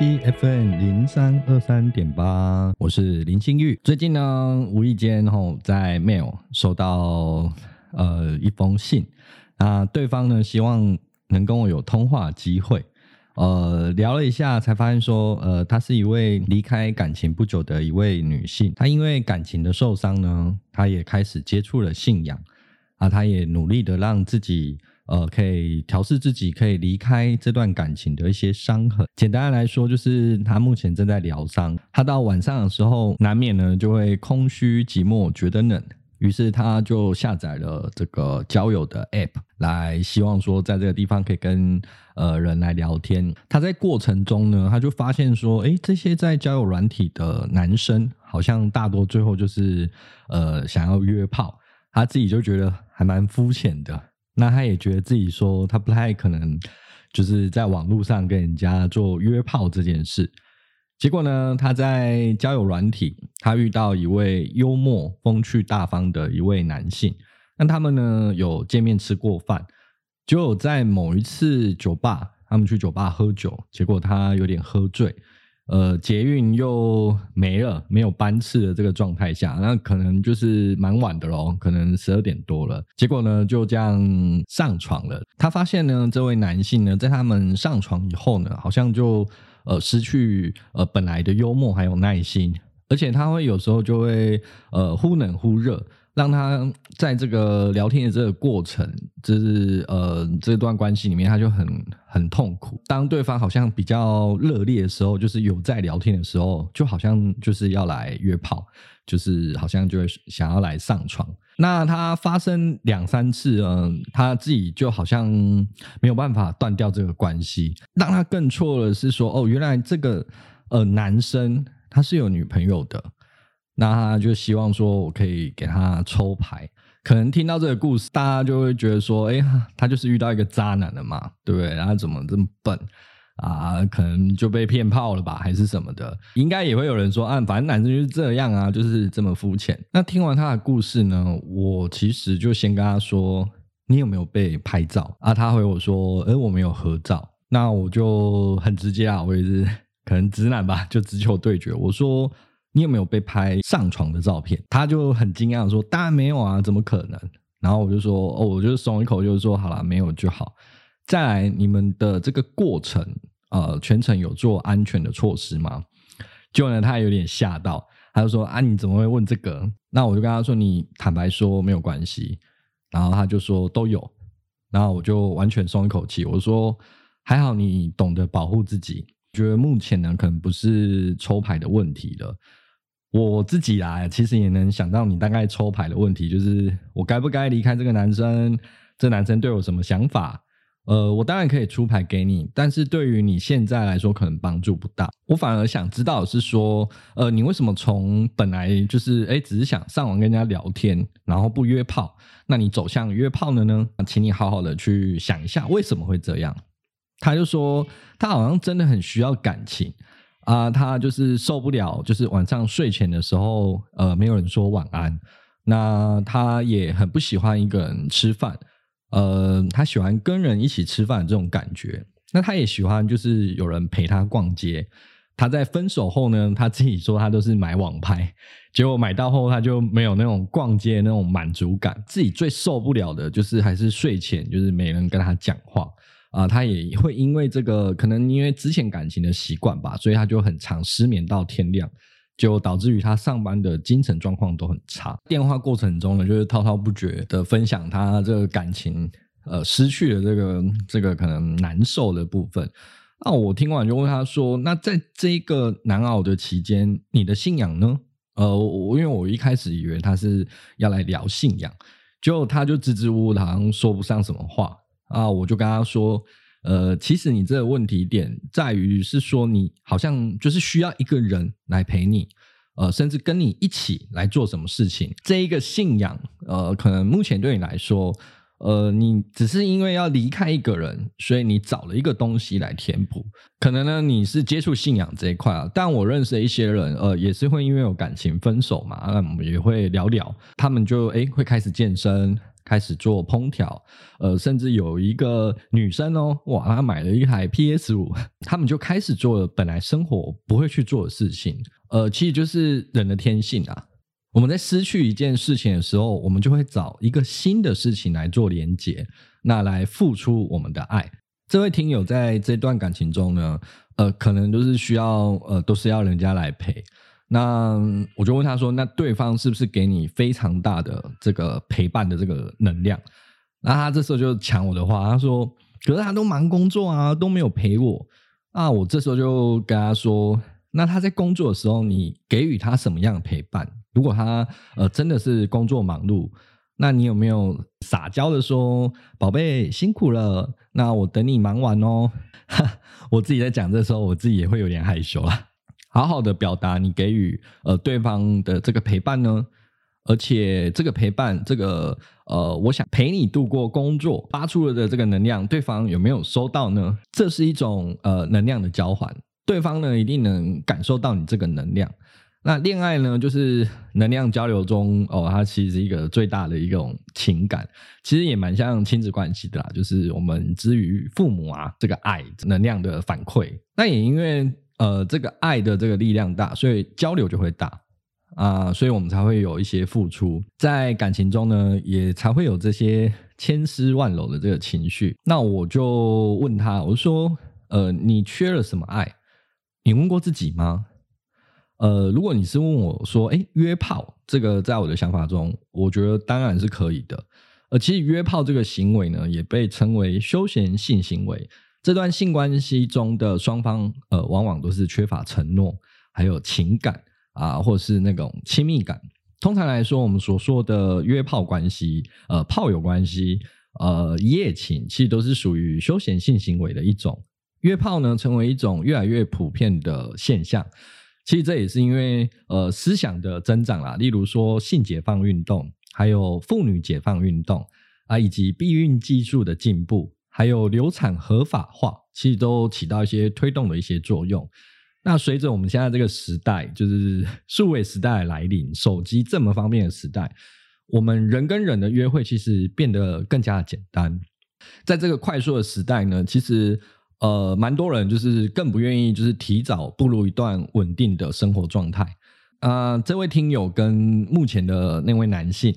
T F N 零三二三點八，我是林興裕。最近呢，無意間後、哦，在 mail 收到呃一封信，那對方呢希望能跟我有通話機會，呃聊了一下才發現說，呃她是一位離開感情不久的一位女性，她因為感情的受傷呢，她也開始接觸了信仰，啊，她也努力的讓自己。呃，可以調適自己，可以離開這段感情的一些傷痕。簡單來說，就是他目前正在療傷。他到晚上的時候，難免呢就會空虛寂寞，覺得冷，於是他就下載了這個交友的 app，來希望說在這個地方可以跟呃人來聊天。他在過程中呢，他就發現說，欸，這些在交友軟體的男生，好像大多最後就是呃想要約炮，他自己就覺得還蠻膚淺的。那他也覺得自己說，他不太可能，就是在網絡上跟人家做約炮這件事。結果呢，他在交友軟體，他遇到一位幽默、風趣、大方的一位男性。那他們呢，有見面吃過飯，就有在某一次酒吧，他們去酒吧喝酒，結果他有點喝醉。呃，捷運又沒了，沒有班次的這個狀態下，那可能就是蠻晚的咯，可能十二點多了。結果呢，就這樣上床了。他發現呢，這位男性呢，在他們上床以後呢，好像就呃失去呃本來的幽默還有耐心，而且他會有時候就會呃忽冷忽熱。讓他在這個聊天的這個過程，就是呃，這段關係裡面，他就很很痛苦。當對方好像比較熱烈的時候，就是有在聊天的時候，就好像就是要來約炮，就是好像就會想要來上床。那他發生兩三次，嗯、呃，他自己就好像沒有辦法斷掉這個關係。讓他更錯的是說，哦，原來這個呃男生他是有女朋友的。那他就希望說，我可以給他抽牌。可能聽到這個故事，大家就會覺得說，哎、欸，他就是遇到一個渣男了嘛，對不對？他怎麼這麼笨啊？可能就被騙炮了吧，還是什麼的？應該也會有人說，啊，反正男生就是這樣啊，就是這麼膚淺。那聽完他的故事呢，我其實就先跟他說，你有沒有被拍照？啊，他回我說，哎、呃，我沒有合照。那我就很直接啊，我也是可能直男吧，就直球對決。我說。你有沒有被拍上床的照片？他就很驚訝說：“當然沒有啊，怎麼可能？”然後我就說：“哦，我就鬆一口就是，就說好了，沒有就好。”再來，你們的這個過程，呃，全程有做安全的措施嗎？就呢，他有點嚇到，他就說：“啊，你怎麼會問這個？”那我就跟他說：“你坦白說沒有關係。”然後他就說：“都有。”然後我就完全鬆一口氣，我說：“還好，你懂得保護自己。覺得目前呢，可能不是抽牌的問題了。”我自己啊，其實也能想到你大概抽牌的問題，就是我該不該離開這個男生？這男生對我什麼想法？呃，我當然可以出牌給你，但是對於你現在來說可能幫助不大。我反而想知道的是說，呃，你為什麼從本來就是哎，只是想上網跟人家聊天，然後不約炮，那你走向約炮了呢？請你好好的去想一下，為什麼會這樣？他就說，他好像真的很需要感情。啊、呃，他就是受不了，就是晚上睡前的時候，呃，沒有人說晚安。那他也很不喜歡一個人吃飯，呃，他喜歡跟人一起吃飯這種感覺。那他也喜歡就是有人陪他逛街。他在分手後呢，他自己說他都是買網拍，結果買到後他就沒有那種逛街那種滿足感。自己最受不了的就是還是睡前就是沒人跟他講話。啊、呃，他也會因為這個，可能因為之前感情的習慣吧，所以他就很常失眠到天亮，就導致於他上班的精神狀況都很差。電話過程中呢，就是滔滔不絕的分享他這個感情，呃，失去了這個這個可能難受的部分。那、啊、我聽完就問他說：“那在這個難熬的期間，你的信仰呢？”呃，我因為我一開始以為他是要來聊信仰，結果他就支支吾吾的，好像說不上什麼話。啊，我就跟他說，呃，其實你這個問題點在於是說，你好像就是需要一個人來陪你，呃，甚至跟你一起來做什麼事情。這一個信仰，呃，可能目前對你來說，呃，你只是因為要離開一個人，所以你找了一個東西來填補。可能呢，你是接觸信仰這一塊啊，但我認識的一些人，呃，也是會因為有感情分手嘛，那我們也會聊聊，他們就誒，會開始健身。開始做烹調，呃，甚至有一個女生哦，哇，她買了一台 PS5，他們就開始做了本來生活不會去做的事情。呃，其實就是人的天性啊。我們在失去一件事情的時候，我們就會找一個新的事情來做連接，那來付出我們的愛。這位聽友在這段感情中呢，呃，可能都是需要呃，都是要人家來陪。那我就問他說：“那對方是不是給你非常大的這個陪伴的這個能量？”那他這時候就搶我的話，他說：“可是他都忙工作啊，都沒有陪我啊。”我這時候就跟他說：“那他在工作的時候，你給予他什麼樣的陪伴？如果他呃真的是工作忙碌，那你有沒有撒嬌的說‘寶貝辛苦了’？那我等你忙完哦。”哈，我自己在講這時候，我自己也會有點害羞啊。好好的表達你給予呃對方的這個陪伴呢，而且這個陪伴，這個呃，我想陪你度過工作發出了的這個能量，對方有沒有收到呢？這是一種呃能量的交換，對方呢一定能感受到你這個能量。那戀愛呢，就是能量交流中哦，它其實是一個最大的一種情感，其實也蠻像親子關係的啦，就是我們之於父母啊這個愛能量的反饋，那也因為。呃，這個愛的這個力量大，所以交流就會大啊、呃，所以我們才會有一些付出，在感情中呢，也才會有這些千絲萬縷的這個情緒。那我就問他，我說：“呃，你缺了什麼愛？你問過自己嗎？”呃，如果你是問我，說：“哎、欸，約炮這個，在我的想法中，我覺得當然是可以的。”呃，其實約炮這個行為呢，也被稱為休閒性行為。這段性關係中的雙方，呃，往往都是缺乏承諾，還有情感啊，或是那種親密感。通常來說，我們所說的約炮關係、呃，炮友關係、呃，一夜情，其實都是屬於休閒性行為的一種。約炮呢，成為一種越來越普遍的現象。其實這也是因為呃思想的增長啦，例如說性解放運動，還有婦女解放運動啊，以及避孕技術的進步。還有流產合法化，其實都起到一些推動的一些作用。那隨着我們現在這個時代，就是數位時代的來臨，手機這麼方便的時代，我們人跟人的約會其實變得更加簡單。在這個快速的時代呢，其實呃，蠻多人就是更不願意就是提早步入一段穩定的生活狀態。啊，呃，這位聽友跟目前的那位男性，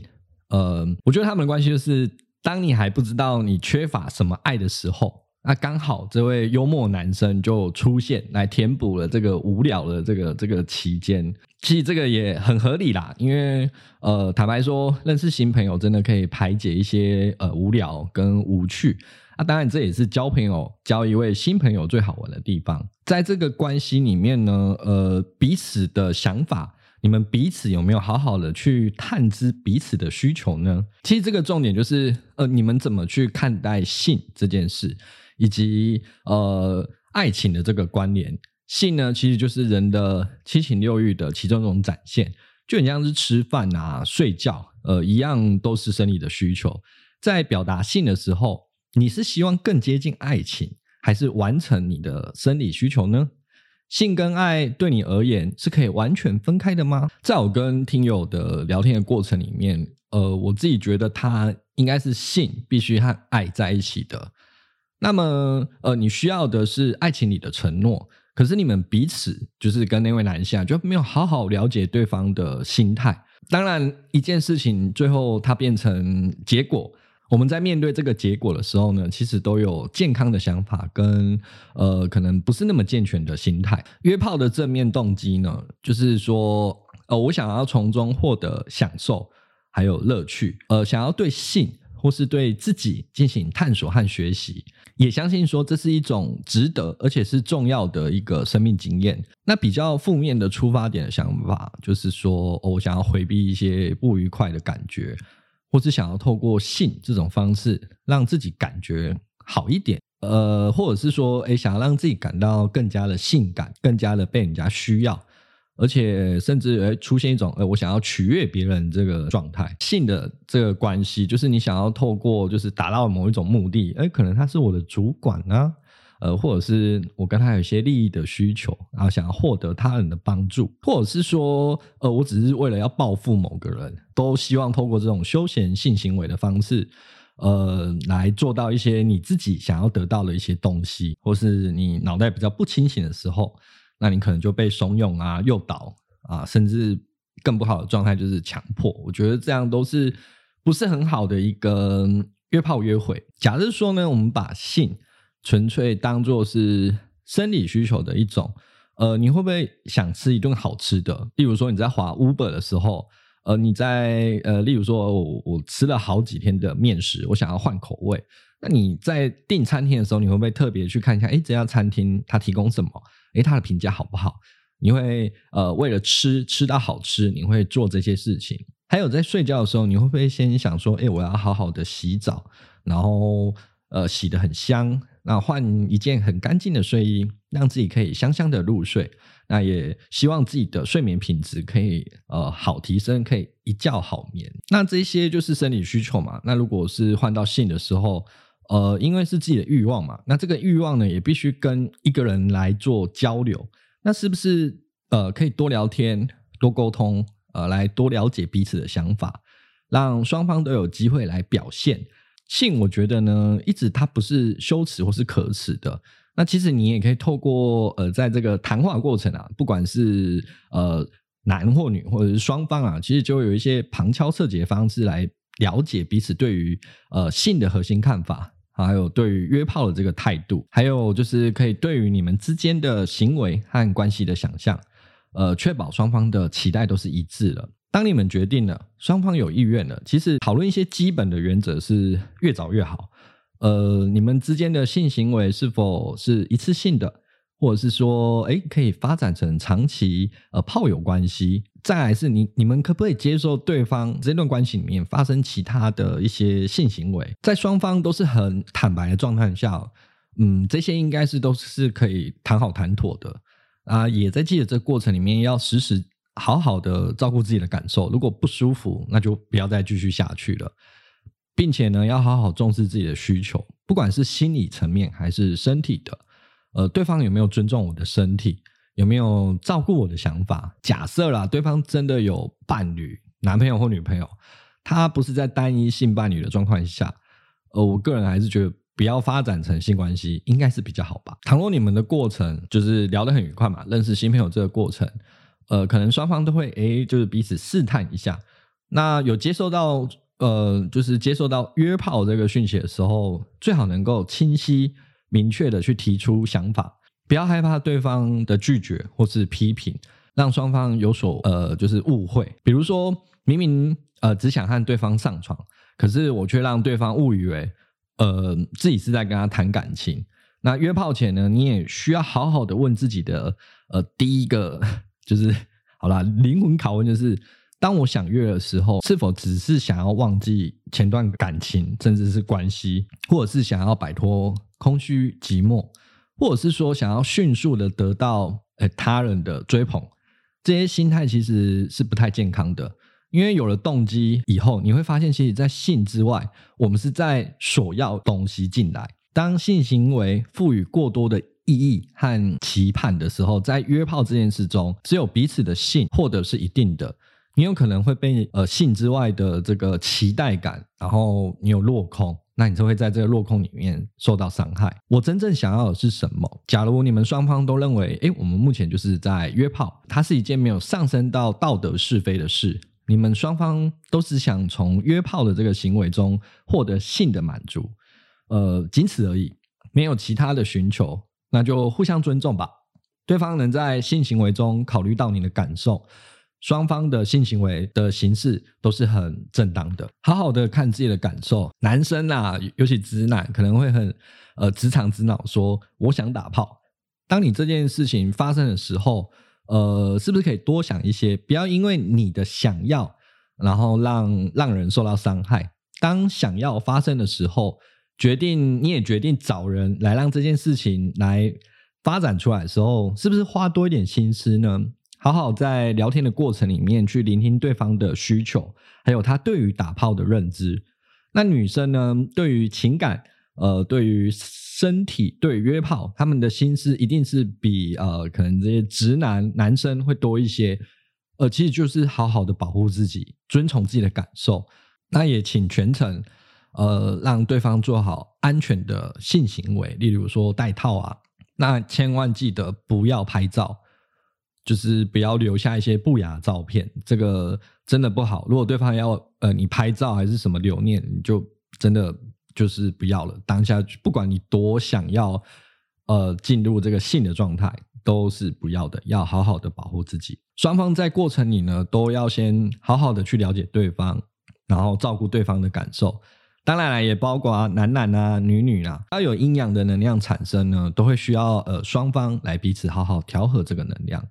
呃，我覺得他們的關係就是。當你還不知道你缺乏什麼愛的時候，那剛好這位幽默男生就出現來填補了這個無聊的這個這個期間。其實這個也很合理啦，因為呃，坦白說，認識新朋友真的可以排解一些呃無聊跟無趣。啊，當然這也是交朋友交一位新朋友最好玩的地方。在這個關係裡面呢，呃，彼此的想法。你們彼此有沒有好好的去探知彼此的需求呢？其實這個重點就是，呃，你們怎麼去看待性這件事，以及呃愛情的這個關聯。性呢，其實就是人的七情六慾的其中一種展現，就你像是吃飯啊、睡覺，呃，一樣都是生理的需求。在表達性的時候，你是希望更接近愛情，還是完成你的生理需求呢？性跟愛對你而言是可以完全分開的嗎？在我跟聽友的聊天的過程裡面，呃，我自己覺得他應該是性必須和愛在一起的。那麼，呃，你需要的是愛情裡的承諾，可是你們彼此就是跟那位男性啊，就沒有好好了解對方的心態。當然，一件事情最後它變成結果。我們在面對這個結果的時候呢，其實都有健康的想法跟呃，可能不是那麼健全的心態。約炮的正面動機呢，就是說呃，我想要從中獲得享受還有樂趣，呃，想要對性或是對自己進行探索和學習，也相信說這是一種值得而且是重要的一個生命經驗。那比較負面的出發點的想法，就是說，呃，我想要回避一些不愉快的感覺。或是想要透過性這種方式讓自己感覺好一點，呃，或者是說，哎、欸，想要讓自己感到更加的性感，更加的被人家需要，而且甚至，欸，出現一種，哎、欸，我想要取悅別人這個狀態，性的這個關係，就是你想要透過，就是達到某一種目的，哎、欸，可能他是我的主管啊。呃，或者是我跟他有一些利益的需求，然、啊、後想要獲得他人的幫助，或者是說，呃，我只是為了要報復某個人，都希望透過這種休閒性行為的方式，呃，來做到一些你自己想要得到的一些東西，或是你腦袋比較不清醒的時候，那你可能就被慫恿啊、誘導啊，甚至更不好的狀態就是強迫。我覺得這樣都是不是很好的一個約炮約會。假設說呢，我們把性。純粹當做是生理需求的一種，呃，你會不會想吃一頓好吃的？例如說你在滑 Uber 的時候，呃，你在呃，例如說我我吃了好幾天的麵食，我想要換口味。那你在訂餐廳的時候，你會不會特別去看一下？哎，這家餐廳它提供什麼？哎，它的評價好不好？你會呃為了吃吃到好吃，你會做這些事情？還有在睡覺的時候，你會不會先想說，哎，我要好好的洗澡，然後呃洗得很香？那換一件很乾淨的睡衣，讓自己可以香香的入睡。那也希望自己的睡眠品質可以呃好提升，可以一覺好眠。那這些就是生理需求嘛。那如果是換到性的時候，呃，因為是自己的慾望嘛，那這個慾望呢，也必須跟一個人來做交流。那是不是呃可以多聊天、多溝通，呃，來多了解彼此的想法，讓雙方都有機會來表現。性，我覺得呢，一直它不是羞恥或是可恥的。那其實你也可以透過呃，在這個談話過程啊，不管是呃男或女或者是雙方啊，其實就有一些旁敲側擊的方式來了解彼此對於呃性的核心看法，還有對於約炮的這個態度，還有就是可以對於你們之間的行為和關係的想象，呃，確保雙方的期待都是一致的。當你們決定了，雙方有意願了，其實討論一些基本的原則是越早越好。呃，你們之間的性行為是否是一次性的，或者是說，誒，可以發展成長期呃炮友關係？再來是你你們可不可以接受對方這段關係裡面發生其他的一些性行為？在雙方都是很坦白的狀態下，嗯，這些應該是都是可以談好談妥的啊。也在記得這過程裡面要時時，好好的照顧自己的感受，如果不舒服，那就不要再繼續下去了，並且呢，要好好重視自己的需求，不管是心理層面還是身體的。呃，對方有沒有尊重我的身體，有沒有照顧我的想法？假設啦，對方真的有伴侶、男朋友或女朋友，他不是在單一性伴侶的狀況下，呃，我個人還是覺得不要發展成性關係，應該是比較好吧。倘若你們的過程就是聊得很愉快嘛，認識新朋友這個過程。呃，可能雙方都會哎，就是彼此試探一下。那有接受到呃，就是接受到約炮這個訊息的時候，最好能夠清晰明確的去提出想法，不要害怕對方的拒絕或是批評，讓雙方有所呃，就是誤會。比如說，明明呃只想和對方上床，可是我卻讓對方誤以為呃自己是在跟他談感情。那約炮前呢，你也需要好好的問自己的呃第一個。就是好啦，靈魂拷問就是：當我想約的時候，是否只是想要忘記前段感情，甚至是關係，或者是想要擺脫空虛寂寞，或者是說想要迅速的得到、欸、他人的追捧？這些心態其實是不太健康的，因為有了動機以後，你會發現，其實，在性之外，我們是在索要東西進來。當性行為賦予過多的，意義和期盼的時候，在約炮這件事中，只有彼此的性獲得是一定的。你有可能會被呃性之外的這個期待感，然後你有落空，那你就會在這個落空裡面受到傷害。我真正想要的是什麼？假如你們雙方都認為，哎，我們目前就是在約炮，它是一件沒有上升到道德是非的事。你們雙方都只想從約炮的這個行為中獲得性的滿足，呃，僅此而已，沒有其他的尋求。那就互相尊重吧。對方能在性行為中考慮到你的感受，雙方的性行為的形式都是很正當的。好好的看自己的感受。男生啊，尤其直男，可能會很呃直腸直腦，說我想打炮。當你這件事情發生的時候，呃，是不是可以多想一些？不要因為你的想要，然後讓讓人受到傷害。當想要發生的時候。決定你也決定找人來讓這件事情來發展出來的時候，是不是花多一點心思呢？好好在聊天的過程裡面去聆聽對方的需求，還有他對於打炮的認知。那女生呢，對於情感、呃，對於身體、對於約炮，他們的心思一定是比呃可能這些直男男生會多一些。呃，其實就是好好的保護自己，遵從自己的感受。那也請全程。呃，讓對方做好安全的性行為，例如說戴套啊。那千萬記得不要拍照，就是不要留下一些不雅照片，這個真的不好。如果對方要呃你拍照還是什麼留念，你就真的就是不要了。當下不管你多想要呃進入這個性的狀態，都是不要的。要好好的保護自己。雙方在過程裡呢，都要先好好的去了解對方，然後照顧對方的感受。當然啦，也包括男男啊、女女啊，要有陰陽的能量產生呢，都會需要呃雙方來彼此好好調和這個能量。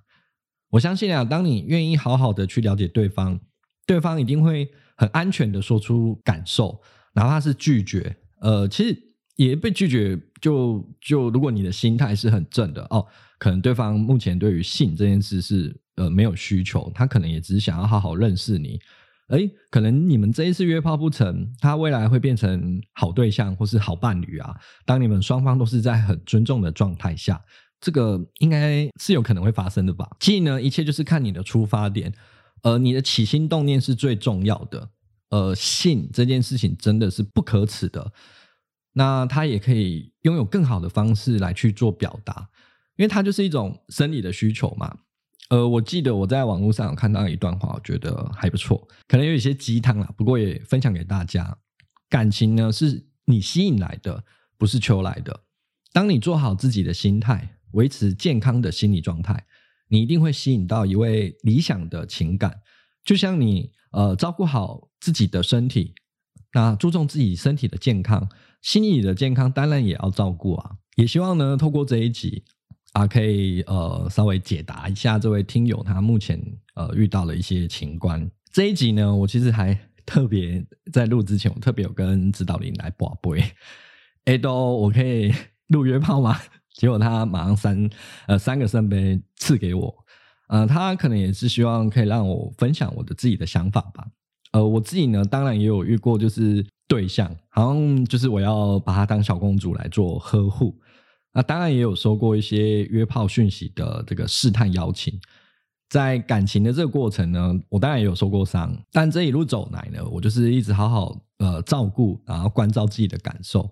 我相信啊，當你願意好好的去了解對方，對方一定會很安全的說出感受，哪怕是拒絕。呃，其實也被拒絕就，就就如果你的心態是很正的哦，可能對方目前對於性這件事是呃沒有需求，他可能也只是想要好好認識你。哎，可能你們這一次約炮不成，他未來會變成好對象或是好伴侶啊。當你們雙方都是在很尊重的狀態下，這個應該是有可能會發生的吧。所以呢，一切就是看你的出發點，呃，你的起心動念是最重要的。呃，性這件事情真的是不可恥的，那他也可以擁有更好的方式來去做表達，因為他就是一種生理的需求嘛。呃，我記得我在網絡上有看到一段話，我覺得還不錯，可能有一些雞湯啦，不過也分享給大家。感情呢，是你吸引來的，不是求來的。當你做好自己的心態，維持健康的心理狀態，你一定會吸引到一位理想的情感。就像你呃，照顧好自己的身體，那注重自己身體的健康，心理的健康當然也要照顧啊。也希望呢，透過這一集。啊，可以呃，稍微解答一下這位聽友他目前呃遇到的一些情關。這一集呢，我其實還特別在錄之前，我特別有跟指導靈來博杯，哎、欸，都我可以錄約炮嗎？結果他馬上三呃三個聖杯賜給我，呃，他可能也是希望可以讓我分享我的自己的想法吧。呃，我自己呢，當然也有遇過，就是對象好像就是我要把她當小公主來做呵護。那，當然也有收過一些約炮訊息的這個試探邀請，在感情的這個過程呢，我當然也有受過傷，但這一路走來呢，我就是一直好好呃照顧，然後關照自己的感受，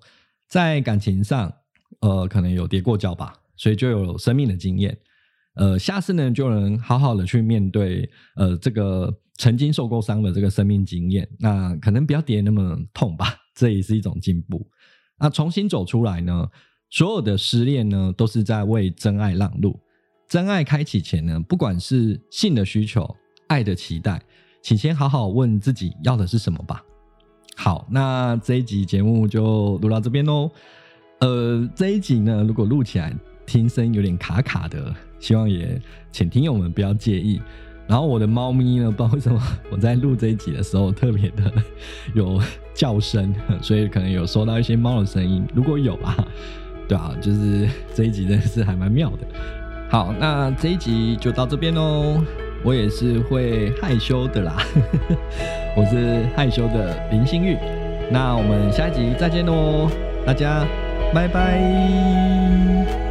在感情上呃可能有跌過跤吧，所以就有生命的經驗，呃，下次呢就能好好的去面對呃這個曾經受過傷的這個生命經驗，那可能不要跌那麼痛吧，這也是一種進步，那重新走出來呢。所有的失戀呢，都是在為真愛讓路。真愛開啟前呢，不管是性的需求、愛的期待，請先好好問自己要的是什麼吧。好，那這一集節目就錄到這邊嘍。呃，這一集呢，如果錄起來聽聲音有點卡卡的，希望也請聽友們不要介意。然後我的貓咪呢，不知道為什麼我在錄這一集的時候特別的有叫聲，所以可能有收到一些貓的聲音。如果有啊。啊，就是這一集的是還蠻妙的。好，那這一集就到這邊嘍，哦。我也是會害羞的啦， 我是害羞的林心玉林興裕。那我們下一集再見嘍，大家拜拜。